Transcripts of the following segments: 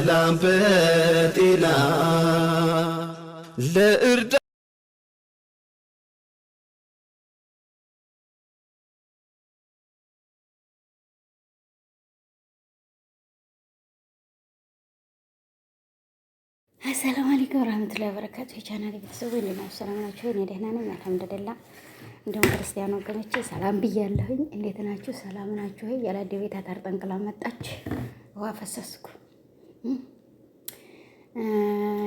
በሰላም በጤና ለእርዳ አሰላሙ አለይኩም ወራህመቱላሂ ወበረካቱ። የቻናል ቤተሰቦች እንዴት ናችሁ? ሰላም ናችሁ? እኔ ደህና ነኝ አልሐምዱሊላህ። እንደውም ክርስቲያን ወገኖቼ ሰላም ብያለሁኝ። እንዴት ናችሁ? ሰላም ናችሁ? ያላደ ቤት አታርጠንቅላ መጣች። ውሃ ፈሰስኩ።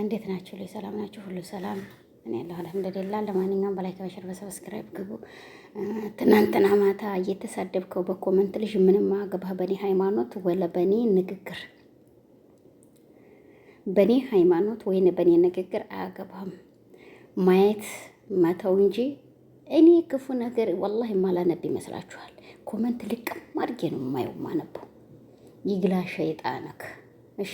እንዴት ናችሁ? ላይ ሰላም ናችሁ? ሁሉ ሰላም እኔ ያለሁ አልሐምዱሊላህ። ለማንኛውም በላይክ በሸር በሰብስክራይብ ግቡ። ትናንትና ማታ እየተሳደብከው በኮመንት ልጅ ምንም አገባህ በኔ ሃይማኖት ወለ በኔ ንግግር በኔ ሃይማኖት ወይ በኔ ንግግር አያገባህም። ማየት መተው እንጂ እኔ ክፉ ነገር ወላሂ ማላነብ ይመስላችኋል? ኮመንት ልቅም አድርጌ ነው የማየው ማነበው። ይግላ ሸይጣነክ እሺ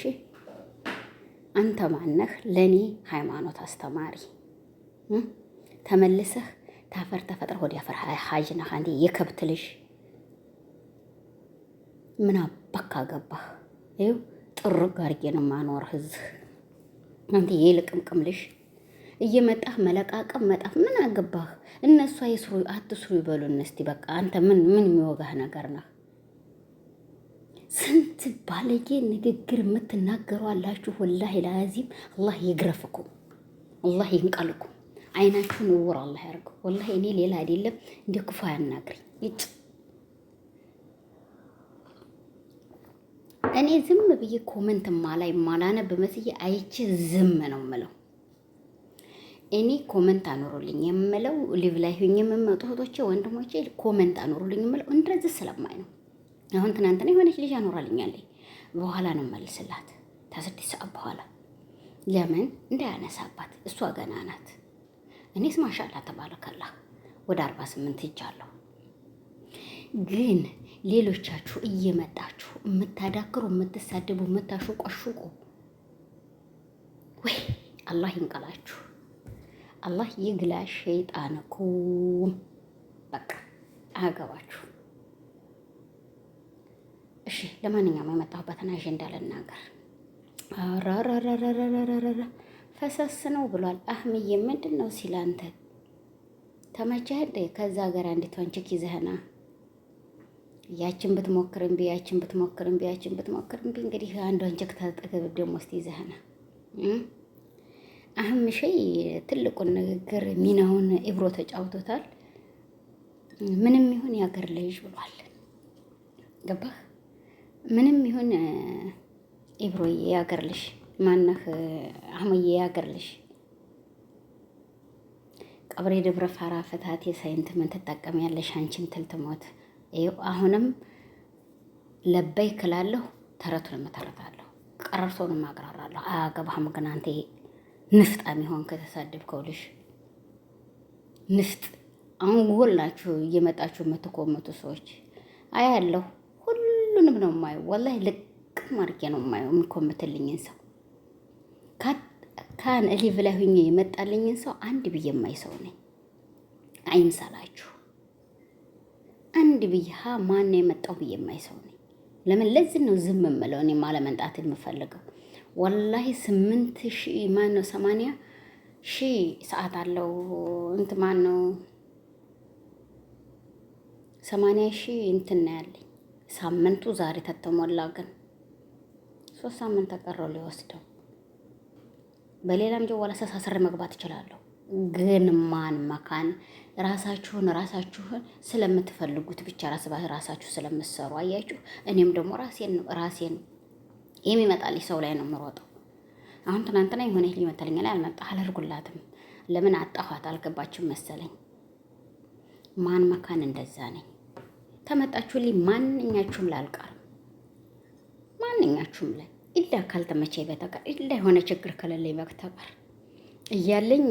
አንተ ማነህ ለእኔ ሃይማኖት አስተማሪ? ተመልሰህ ታፈር ተፈጥረህ ወደ አፈር ሀጅ ነህ። አንዴ የከብት ልጅ ምን አባካ ገባህ? ይኸው ጥሩ አድርጌ ነው ማኖርህ እዚህ። አንተ የልቅምቅም ልጅ እየመጣህ መለቃቀም መጣፍ ምን አገባህ? እነሱ አይስሩ አትስሩ ይበሉ። እስቲ በቃ አንተ ምን ምን የሚወጋህ ነገር ነህ? ስንት ባለጌ ንግግር የምትናገሩ አላችሁ። ወላሂ ላዚም አላህ ይግረፍኩ፣ አላህ ይንቀልኩ፣ አይናችሁን እውር አላህ ያርገው። ወላሂ እኔ ሌላ አይደለም እንደ ክፉ አያናግረኝ ይጭ እኔ ዝም ብዬ ኮመንት ማላ ማላነ በመስዬ አይቼ ዝም ነው ምለው። እኔ ኮመንት አኖሩልኝ የምለው ሊቭ ላይ ሁኝ የምመጡ እህቶቼ ወንድሞቼ ኮመንት አኖሩልኝ የምለው እንደዚህ ስለማይ ነው። አሁን ትናንትና የሆነች ልጅ አኖራልኛለች። በኋላ ነው መልስላት፣ ከስድስት ሰዓት በኋላ ለምን እንዳያነሳባት እሷ ገና ናት። እኔስ ማሻላ ተባረከላ ወደ አርባ ስምንት ሄጃለሁ። ግን ሌሎቻችሁ እየመጣችሁ የምታዳክሩ፣ የምትሳደቡ፣ የምታሹቆሹቁ ወይ አላህ ይንቀላችሁ፣ አላህ ይግላ ኩ በቃ አገባችሁ። እሺ ለማንኛውም የመጣሁበትን አጀንዳ ልናገር። ራራራራራራ ፈሰስ ነው ብሏል አህምዬ። ምንድን ነው ሲል አንተ ተመቸህ እንዴ? ከዛ ሀገር አንዲት ወንችክ ይዘህና ያችን ብትሞክር እምቢ፣ ያችን ብትሞክር እምቢ፣ ያችን ብትሞክር እምቢ። እንግዲህ አንድ ወንችክ ተጠገብ ደግሞ ውስጥ ይዘህና አህም ሸይ ትልቁን ንግግር ሚናውን ኢብሮ ተጫውቶታል። ምንም ይሁን የሀገር ልጅ ብሏል። ገባህ ምንም ይሁን ኢብሮዬ ያገርልሽ፣ ማነህ አህሙዬ ያገርልሽ። ቀብሬ ደብረ ፋራ ፍታት የሳይንት ምን ትጠቀሚያለሽ አንቺን ትል ትሞት ይኸው አሁንም ለበይ ክላለሁ ተረቱን እመተረታለሁ ቀረርቶንም አቅራራለሁ አያገባህም ግን አንተ ንፍጣም ይሆን ከተሳደብከው ልሽ ንፍጥ አሁን ጉል ጎላችሁ እየመጣችሁ የምትኮመቱ ሰዎች አያለሁ ሁሉንም ነው የማየው። ወላሂ ልቅ አድርጌ ነው የማየው የምኮምትልኝን ሰው ካን እሊቭ ላይ ሁኜ የመጣልኝን ሰው አንድ ብዬ የማይ ሰው ነኝ። አይምሰላችሁ አንድ ብዬ ሀ ማን ነው የመጣው ብዬ የማይ ሰው ነኝ። ለምን ለዚህ ነው ዝም የምለው እኔ ማለመንጣት የምፈልገው። ወላሂ ስምንት ሺህ ማን ነው ሰማንያ ሺህ ሰዓት አለው እንት ማን ነው ሰማንያ ሺህ እንትና ያለኝ ሳምንቱ ዛሬ ተተሞላ፣ ግን ሶስት ሳምንት ተቀረው ሊወስደው። በሌላም ጀዋላ አስተሳስሬ መግባት እችላለሁ። ግን ማን መካን ራሳችሁን ራሳችሁን ስለምትፈልጉት ብቻ ራስ ራሳችሁ ስለምትሰሩ አያችሁ። እኔም ደግሞ ራሴን ራሴን የሚመጣልኝ ሰው ላይ ነው የምሮጠው። አሁን ትናንትና የሆነ ሊመጣልኝ ላይ አልመጣ አላርጉላትም። ለምን አጣኋት አልገባችም መሰለኝ። ማን መካን እንደዛ ነኝ። ተመጣችሁልኝ ማንኛችሁም ላይ አልቀርም። ማንኛችሁም ላይ ኢላ ካልተመቸኝ በተቀር ኢላ የሆነ ችግር ከሌለኝ በተቀር እያለኝ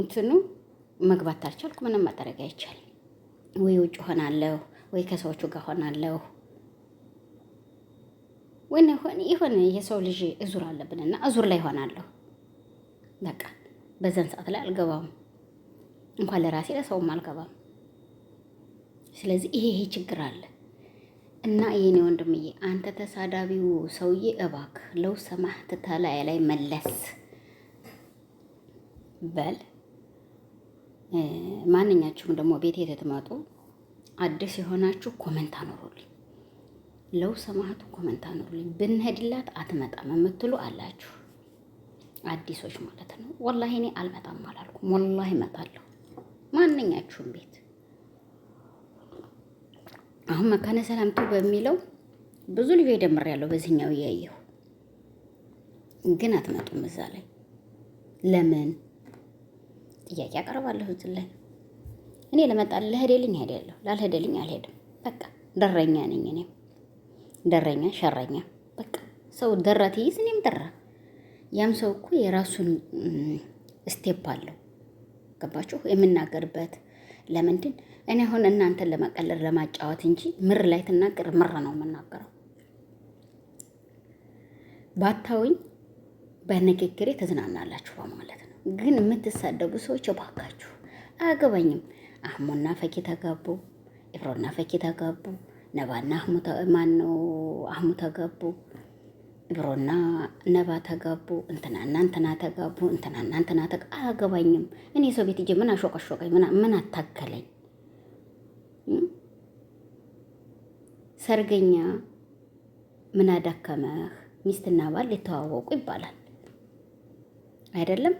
እንትኑ መግባት አልቻልኩ። ምንም መጠረግ አይቻል ወይ ውጭ ሆናለሁ፣ ወይ ከሰዎቹ ጋር ሆናለሁ፣ ወይ የሆነ የሰው ልጅ እዙር አለብንና እዙር ላይ ሆናለሁ። በቃ በዛን ሰዓት ላይ አልገባም። እንኳን ለራሴ ለሰውም አልገባም። ስለዚህ ይሄ ይሄ ችግር አለ እና የኔ ወንድምዬ አንተ ተሳዳቢው ሰውዬ እባክ ለው ሰማህ ትተላይ ላይ መለስ በል። ማንኛችሁም ደግሞ ቤት የተትመጡ አዲስ የሆናችሁ ኮመንት አኖሩልኝ። ለው ሰማህቱ ኮመንት አኖሩልኝ። ብንሄድላት አትመጣም የምትሉ አላችሁ፣ አዲሶች ማለት ነው። ወላሂ እኔ አልመጣም አላልኩም። ወላሂ እመጣለሁ ማንኛችሁም ቤት አሁን መካነ ሰላምቱ በሚለው ብዙ ልጅ ደምር ያለው በዚህኛው እያየሁ ግን አትመጡም። እዛ ላይ ለምን ጥያቄ አቀርባለሁ? እዚህ ላይ እኔ ለመጣ ለሄደልኝ ሄዳለሁ፣ ላልሄደልኝ አልሄድም። በቃ ደረኛ ነኝ። እኔም ደረኛ ሸረኛ በቃ ሰው ደራ ትይዝ፣ እኔም ደራ። ያም ሰው እኮ የራሱን ስቴፕ አለው። ገባችሁ? የምናገርበት ለምንድን እኔ አሁን እናንተን ለመቀለር ለማጫወት እንጂ ምር ላይ ትናገር ምር ነው የምናገረው። ባታውኝ በንግግሬ ተዝናናላችሁ በማለት ነው። ግን የምትሳደቡ ሰዎች እባካችሁ አያገባኝም። አህሙና ፈኪ ተጋቡ፣ ኢፍሮና ፈኪ ተጋቡ፣ ነባና ማነው አህሙ ተጋቡ። ብሮና ነባ ተጋቡ፣ እንትና እንትና ተጋቡ፣ እንትና እንትና ተ አያገባኝም። እኔ ሰው ቤት እጄ ምን አሾቀሾቀኝ? ምን አታከለኝ? ሰርገኛ ምን አዳከመህ? ሚስትና ባል ሊተዋወቁ ይባላል አይደለም?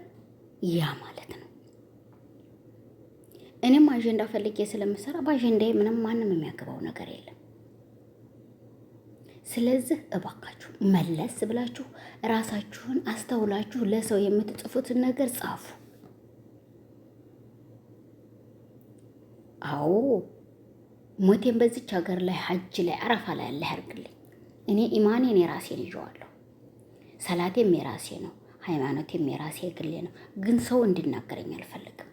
ያ ማለት ነው። እኔም አጀንዳ ፈልጌ ስለምሰራ በአጀንዳዬ ምንም ማንም የሚያገባው ነገር የለም። ስለዚህ እባካችሁ መለስ ብላችሁ ራሳችሁን አስተውላችሁ ለሰው የምትጽፉትን ነገር ጻፉ። አዎ ሞቴን በዚች ሀገር ላይ ሀጅ ላይ አረፋ ላይ ያለ ያርግልኝ። እኔ ኢማኔን የራሴን ይዤዋለሁ። ሰላቴም የራሴ ነው። ሃይማኖቴም የራሴ ግሌ ነው። ግን ሰው እንድናገረኝ አልፈልግም።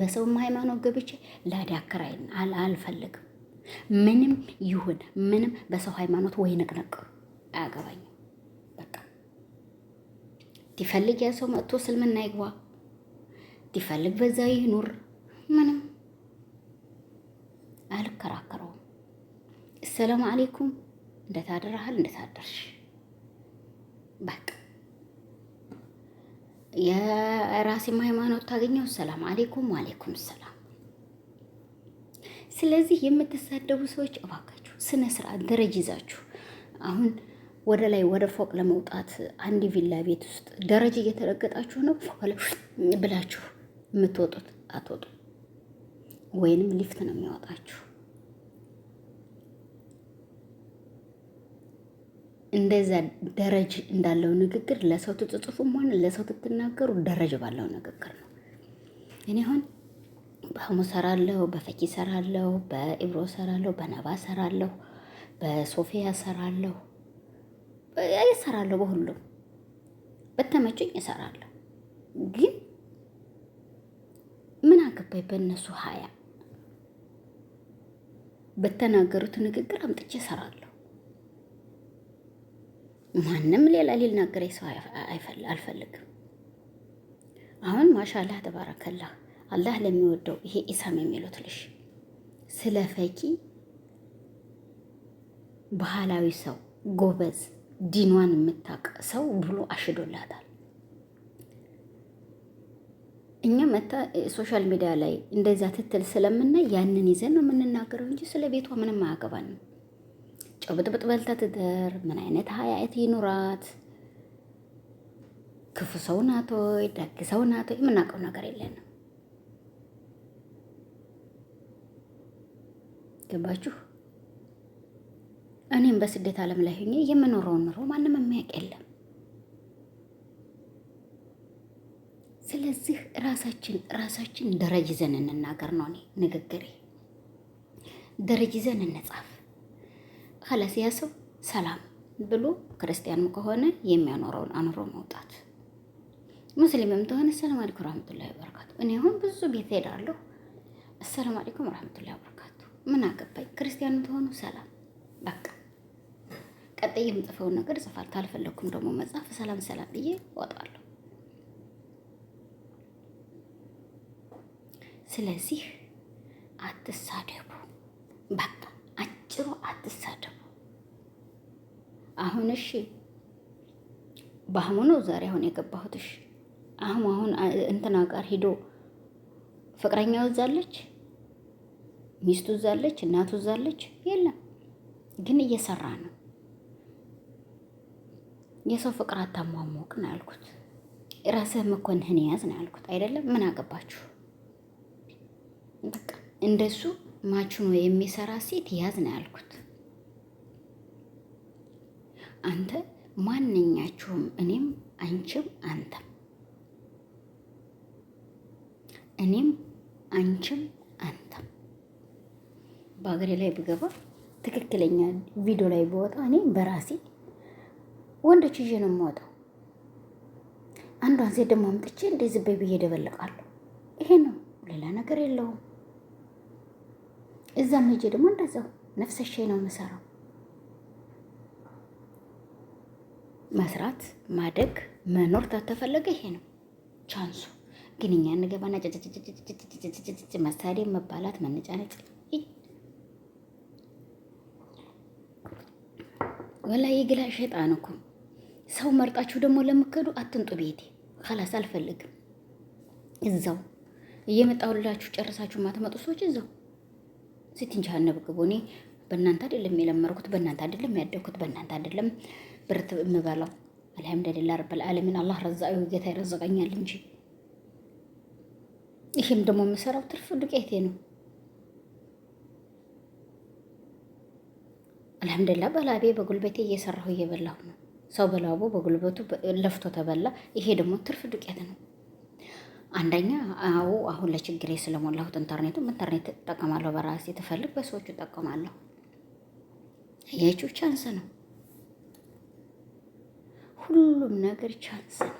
በሰውም ሃይማኖት ገብቼ ላዳክራይን አልፈልግም። ምንም ይሁን ምንም በሰው ሃይማኖት ወይ ንቅንቅ አያገባኝም። በቃ ቲፈልግ ያ ሰው መጥቶ ስልምና ይግባ ቲፈልግ በዛ ይኑር፣ ምንም አልከራከረውም። አሰላሙ አሌይኩም እንደታደረሃል እንደታደርሽ በቃ የራሴም ሃይማኖት ታገኘው። ሰላም አሌይኩም፣ ዋሌይኩም ሰላም ስለዚህ የምትሳደቡ ሰዎች እባካችሁ ስነ ስርዓት ደረጃ ይዛችሁ አሁን ወደ ላይ ወደ ፎቅ ለመውጣት አንድ ቪላ ቤት ውስጥ ደረጃ እየተረገጣችሁ ነው ብላችሁ የምትወጡት አትወጡ፣ ወይንም ሊፍት ነው የሚያወጣችሁ። እንደዛ ደረጅ እንዳለው ንግግር ለሰው ትጽጽፉም ሆነ ለሰው ትትናገሩ ደረጅ ባለው ንግግር ነው እኔ አሁን በህሙ ሰራለሁ፣ በፈኪ ሰራለሁ፣ በኢብሮ ሰራለሁ፣ በነባ ሰራለሁ፣ በሶፊያ ሰራለሁ፣ ሰራለሁ፣ በሁሉም በተመቸኝ እሰራለሁ። ግን ምን አገባኝ በእነሱ ሀያ በተናገሩት ንግግር አምጥቼ እሰራለሁ። ማንም ሌላ ሊናገረኝ ሰው አልፈልግም። አሁን ማሻላህ ተባረከላህ አላህ ለሚወደው ይሄ ኢሳም የሚሉት ልሽ ስለ ፈኪ ባህላዊ ሰው ጎበዝ ዲኗን የምታቅ ሰው ብሎ አሽዶላታል። እኛ መታ ሶሻል ሚዲያ ላይ እንደዚያ ትትል ስለምናይ ያንን ይዘን ነው የምንናገረው እንጂ ስለ ቤቷ ምንም አያገባንም። ጨው በልታ ትደር፣ ምን አይነት ሀያት ይኑራት፣ ክፉ ሰው ናቶይ፣ ደግ ሰው ናቶይ የምናውቀው ነገር የለንም። ገባችሁ? እኔም በስደት ዓለም ላይ ሆኜ የምኖረውን ኑሮ ማንም የሚያውቅ የለም። ስለዚህ ራሳችን ራሳችን ደረጅ ይዘን እንናገር ነው እኔ ንግግሬ። ደረጅ ይዘን እንጻፍ። ኸላስ ያ ሰው ሰላም ብሎ ክርስቲያንም ከሆነ የሚያኖረውን አኑሮ መውጣት፣ ሙስሊምም ተሆነ ሰላም አለይኩም ረህመቱላሂ ወበረካቱ። እኔ አሁን ብዙ ቤት ሄዳለሁ። ሰላም አለይኩም ረህመቱላሂ ወበረካቱ ምን አገባኝ? ክርስቲያኑ ተሆኑ ሰላም በቃ ቀጣይ የምጽፈውን ነገር ጽፋል። አልፈለኩም ደግሞ መጽሐፍ ሰላም ሰላም ብዬ እወጣለሁ። ስለዚህ አትሳደቡ፣ በቃ አጭሩ አትሳደቡ። አሁን እሺ በአህሙ ነው ዛሬ አሁን የገባሁትሽ እሺ አህሙ አሁን እንትና ጋር ሂዶ ፍቅረኛ ወዛለች ሚስቱ እዛለች፣ እናቱ እዛለች። የለም ግን እየሰራ ነው። የሰው ፍቅር አታሟሞቅ ነው ያልኩት። ራስህ መኮንህን ያዝ ነው ያልኩት። አይደለም ምን አገባችሁ በቃ እንደሱ ማችኖ የሚሰራ ሴት ያዝ ነው ያልኩት። አንተ ማንኛችሁም እኔም አንቺም አንተም እኔም አንቺም አንተም በሀገሬ ላይ ብገባ ትክክለኛ ቪዲዮ ላይ ብወጣ እኔ በራሴ ወንዶች ይዤ ነው የምወጣው። አንዷን ሴት ደግሞ አምጥቼ እንደዚህ በይ ብዬ ደበልቃለሁ። ይሄ ነው፣ ሌላ ነገር የለውም። እዛም ሄጄ ደግሞ እንደዛው ነፍሰሻይ ነው የምሰራው። መስራት፣ ማደግ፣ መኖር ተተፈለገ ይሄ ነው ቻንሱ። ግን እኛ እንገባና መባላት፣ መነጫነጭ ወላ የግላ ሸጣን እኮ ሰው መርጣችሁ ደግሞ ለምከዱ አትምጡ። ቤቴ ከላስ አልፈልግም። እዛው እየመጣሁላችሁ ጨርሳችሁ ማትመጡ ሰዎች እዛው ሲትንቻ አነብግቡ። እኔ በእናንተ አይደለም የለመርኩት፣ በእናንተ አይደለም ያደግኩት፣ በእናንተ አይደለም ብርት የምበላው። አልሐምዱሊላህ ረብል ዓለሚን አላህ ረዛዊ ጌታ ይረዘቀኛል እንጂ ይህም ደግሞ የምሰራው ትርፍ ዱቄቴ ነው። አልሐምዱላ በላቤ በጉልበቴ እየሰራሁ እየበላሁ ነው። ሰው በላቡ በጉልበቱ ለፍቶ ተበላ። ይሄ ደግሞ ትርፍ ዱቄት ነው። አንደኛ አዎ፣ አሁን ለችግሬ ስለሞላሁት ኢንተርኔቱ ኢንተርኔት እጠቀማለሁ። በራሴ ትፈልግ በሰዎቹ እጠቀማለሁ። ያቺ ቻንስ ነው። ሁሉም ነገር ቻንስ ነው።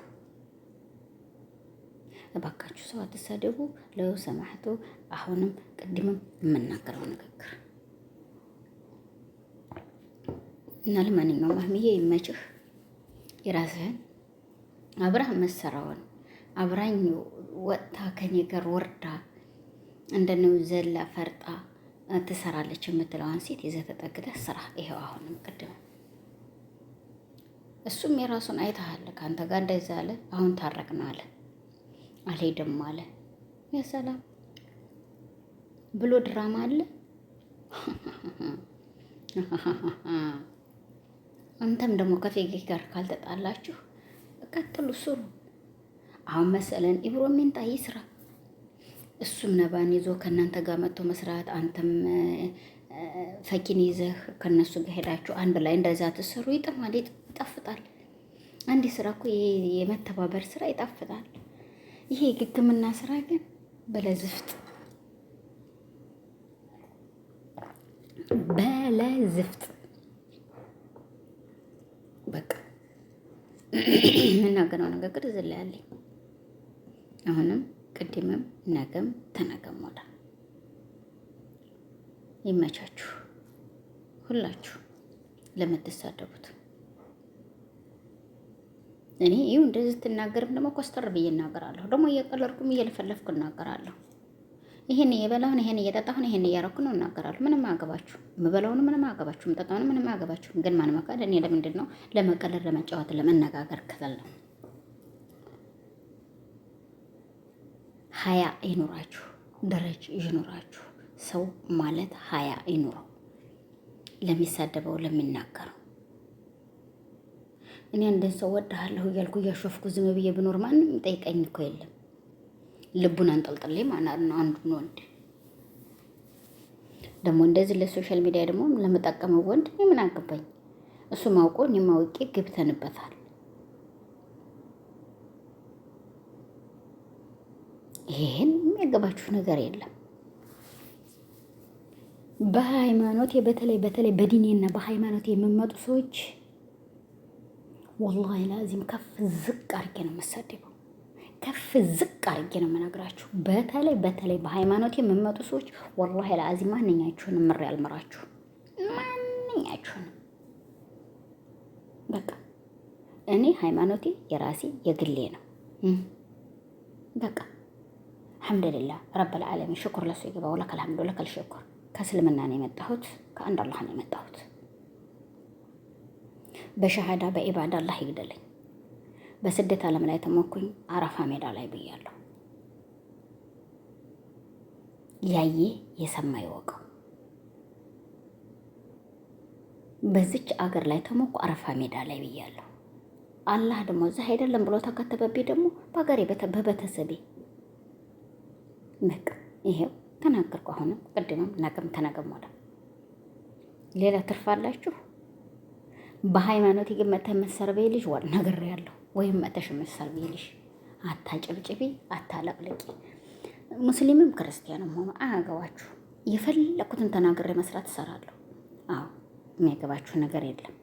እባካችሁ ሰው አትሰደቡ። ለው ሰማህቱ አሁንም ቅድምም የምናገረው ንግግር እና ለማንኛውም አህምዬ ይመችህ፣ የራስህን አብረህ መሰራውን አብራኝ ወጥታ ከኔ ጋር ወርዳ እንደነው ዘላ ፈርጣ ትሰራለች የምትለዋን ሴት ይዘህ ተጠግተህ ስራ። ይሄው አሁንም ቅድም እሱም የራሱን አይተሃል። ከአንተ ጋር እንደዛ አለ። አሁን ታረቅን አለ፣ አልሄድም አለ። የሰላም ብሎ ድራማ አለ። አንተም ደግሞ ከፌጌ ጋር ካልተጣላችሁ ቀጥሉ ስሩ። አሁን መሰለን ኢብሮ ሚንጣ ይስራ። እሱም ነባን ይዞ ከእናንተ ጋር መጥቶ መስራት፣ አንተም ፈኪን ይዘህ ከነሱ ጋር ሄዳችሁ አንድ ላይ እንደዛ ተሰሩ ይጥማል፣ ይጣፍጣል። አንድ ስራ እኮ የመተባበር ስራ ይጣፍጣል። ይሄ ግግምና ስራ ግን በለዝፍጥ በለዝፍጥ በቃ የምናገረው ንግግር እዚህ ላይ አለኝ። አሁንም ቅድምም ነገም ተነገም ሞላ ይመቻችሁ ሁላችሁ ለምትሳደቡት። እኔ ይሁ እንደዚህ ትናገርም ደግሞ ኮስተር ብዬ እናገራለሁ። ደግሞ እየቀለርኩም እየለፈለፍኩ እናገራለሁ። ይሄን እየበላሁን ይሄን እየጠጣሁን ይሄን እያረኩ ነው እናገራለሁ። ምንም አያገባችሁ፣ የምበላውን ምንም አያገባችሁ፣ የምጠጣውን ምንም አገባችሁ። ግን ማን መካድ? እኔ ለምንድን ነው ለመቀለድ፣ ለመጫወት፣ ለመነጋገር ክፍል ነው። ሀያ ይኑራችሁ፣ ደረጃ ይኑራችሁ። ሰው ማለት ሀያ ይኑረው ለሚሳደበው ለሚናገረው እኔ አንድን ሰው ወድሃለሁ እያልኩ እያሾፍኩ ዝም ብዬ ብኖር ማንም ጠይቀኝ እኮ የለም። ልቡን አንጠልጥሌ ማናር ነው። አንዱን ወንድ ደግሞ እንደዚህ ለሶሻል ሚዲያ ደግሞ ለመጠቀመው ወንድ ምን አገባኝ? እሱ ማውቆ እኔ ማውቄ ግብተንበታል። ይህን የሚያገባችሁ ነገር የለም። በሃይማኖት በተለይ በተለይ በዲኔና በሃይማኖት የሚመጡ ሰዎች ወላሂ ላዚም ከፍ ዝቅ አድርጌ ነው የምሰድበው። ከፍ ዝቅ አድርጌ ነው የምነግራችሁ። በተለይ በተለይ በሃይማኖት የምመጡ ሰዎች ወላሂ ለአዚ ማንኛችሁንም ምሬ አልምራችሁ ማንኛችሁንም በቃ እኔ ሃይማኖቴ የራሴ የግሌ ነው። በቃ አልሐምዱሊላህ ረብል ዓለሚን ሽኩር ለሱ ይገባው ለከል አልሐምዱ ለከል ልሽኩር ከእስልምና ነው የመጣሁት፣ ከአንድ አላህ ነው የመጣሁት። በሸሃዳ በኢባዳ አላህ ይግደለኝ። በስደት ዓለም ላይ ተሞኩኝ አረፋ ሜዳ ላይ ብያለሁ። ያየ የሰማ ይወቀው። በዚች አገር ላይ ተሞኩ አረፋ ሜዳ ላይ ብያለሁ። አላህ ደግሞ እዚህ አይደለም ብሎ ተከተበብኝ። ደግሞ በሀገሬ በቤተሰቤ መቅ ይሄው ተናገርኩ። አሁንም ቅድምም ነገም ተነገም ወደ ሌላ ትርፋላችሁ። በሃይማኖት የግመተ መሰረቤ ልጅ ዋል ነገር ያለሁ ወይም መተሽ መሳል ቢልሽ አታጨብጭቢ፣ አታለቅልቂ። ሙስሊምም ክርስቲያንም ሆኖ አያገባችሁ። የፈለግኩትን ተናግሬ መስራት እሰራለሁ። አዎ የሚያገባችሁ ነገር የለም።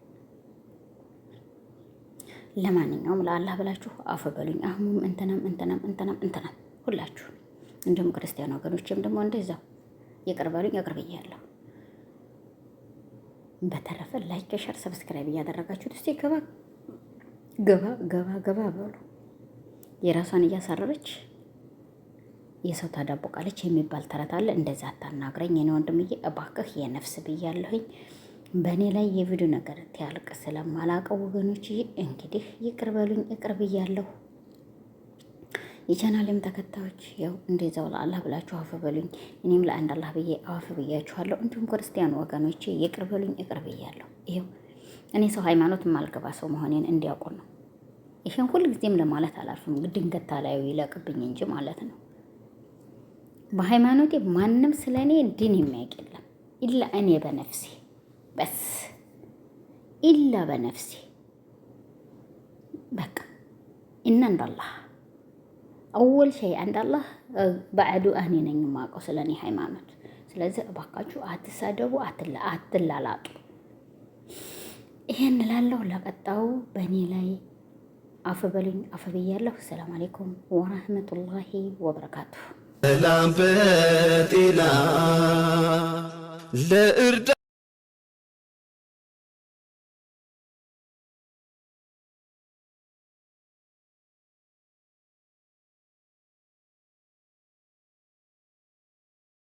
ለማንኛውም ለአላህ ብላችሁ አፈ በሉኝ። አህሙም እንትናም እንትናም እንትናም እንትናም ሁላችሁ እንዲሁም ክርስቲያን ወገኖችም ደግሞ እንደዛው ይቅር በሉኝ፣ ይቅር ብያለሁ። በተረፈ ላይክ፣ ሸር፣ ሰብስክራይብ እያደረጋችሁት እስቲ ገባ ገባ ገባ ገባ በሉ የራሷን እያሳረረች የሰው ታዳቦቃለች የሚባል ተረት አለ። እንደዛ አታናግረኝ የኔ ወንድምዬ እባክህ የነፍስ ብያለሁኝ። በእኔ ላይ የቪዲዮ ነገር ትያልቅ ስለማላቀው ወገኖች እንግዲህ ይቅር በሉኝ፣ ይቅር ብያለሁ። የቻናሌም ተከታዮች ያው እንደዛው ለአላህ ብላችሁ አፍ በሉኝ፣ እኔም ለአንድ አላህ ብዬ አፍ ብያችኋለሁ። እንዲሁም ክርስቲያን ወገኖች ይቅር በሉኝ፣ ይቅር ብያለሁ። ይኸው እኔ ሰው ሃይማኖት የማልገባ ሰው መሆኔን እንዲያውቁ ነው። ይህን ጊዜም ለማለት አላልፍም፣ ድንገት ላዩ ይለቅብኝ እንጂ ማለት ነው። በሃይማኖቴ ማንም ስለ እኔ ድን የሚያውቅ የለም። ኢላ እኔ በነፍሴ በስ ኢላ በነፍሴ በቃ እና እንዳላህ አወል ሸይ አንዳላህ በአዱ እኔ ነኝ የማውቀው ስለ እኔ ሃይማኖት። ስለዚህ እባካችሁ አትሳደቡ፣ አትላላጡ። ይሄን እላለሁ። ለቀጣው በእኔ ላይ አፍ በሉኝ፣ ሰላም አሌይኩም ወረህመቱላሂ ወበረካቱ። ሰላም በጤና ለእርዳ